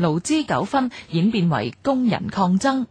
勞資糾紛演變為工人抗爭，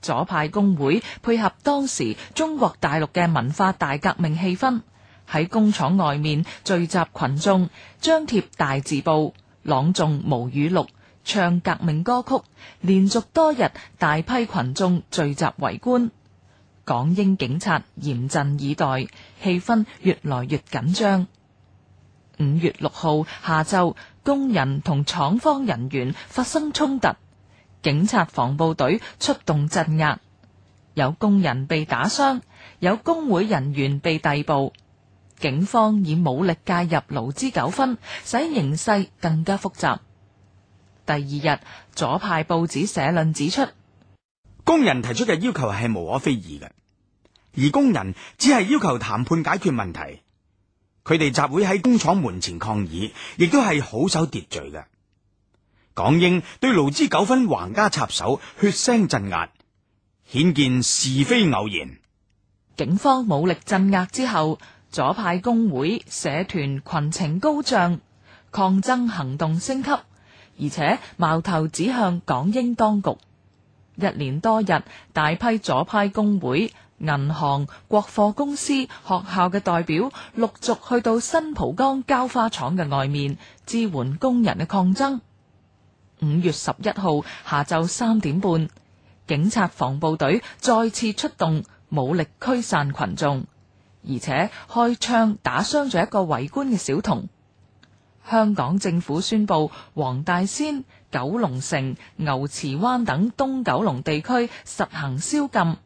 左派工會配合當時中國大陸嘅文化大革命氣氛，喺工廠外面聚集群眾，張貼大字報，朗誦毛語錄，唱革命歌曲，連續多日大批群眾聚集圍觀，港英警察嚴陣以待，氣氛越來越緊張。五月六號下晝，工人同廠方人員發生衝突，警察防暴隊出動鎮壓，有工人被打傷，有工會人員被逮捕，警方以武力介入勞資糾紛，使形勢更加複雜。第二日，左派報紙社論指出，工人提出嘅要求係無可非議嘅，而工人只係要求談判解決問題。佢哋集會喺工廠門前抗議，亦都係好守秩序嘅。港英對勞資糾紛橫加插手，血腥鎮壓，顯見是非偶然。警方武力鎮壓之後，左派工會社團群情高漲，抗爭行動升級，而且矛頭指向港英當局。一連多日，大批左派工會、銀行、國貨公司、學校嘅代表陸續去到新蒲崗膠花廠嘅外面支援工人嘅抗爭。五月十一號下晝三點半，警察防暴隊再次出動，武力驅散群眾，而且開槍打傷咗一個圍觀嘅小童。香港政府宣布，黃大仙、九龍城、牛池灣等東九龍地區實行宵禁。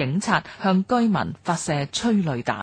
警察向居民發射催淚彈。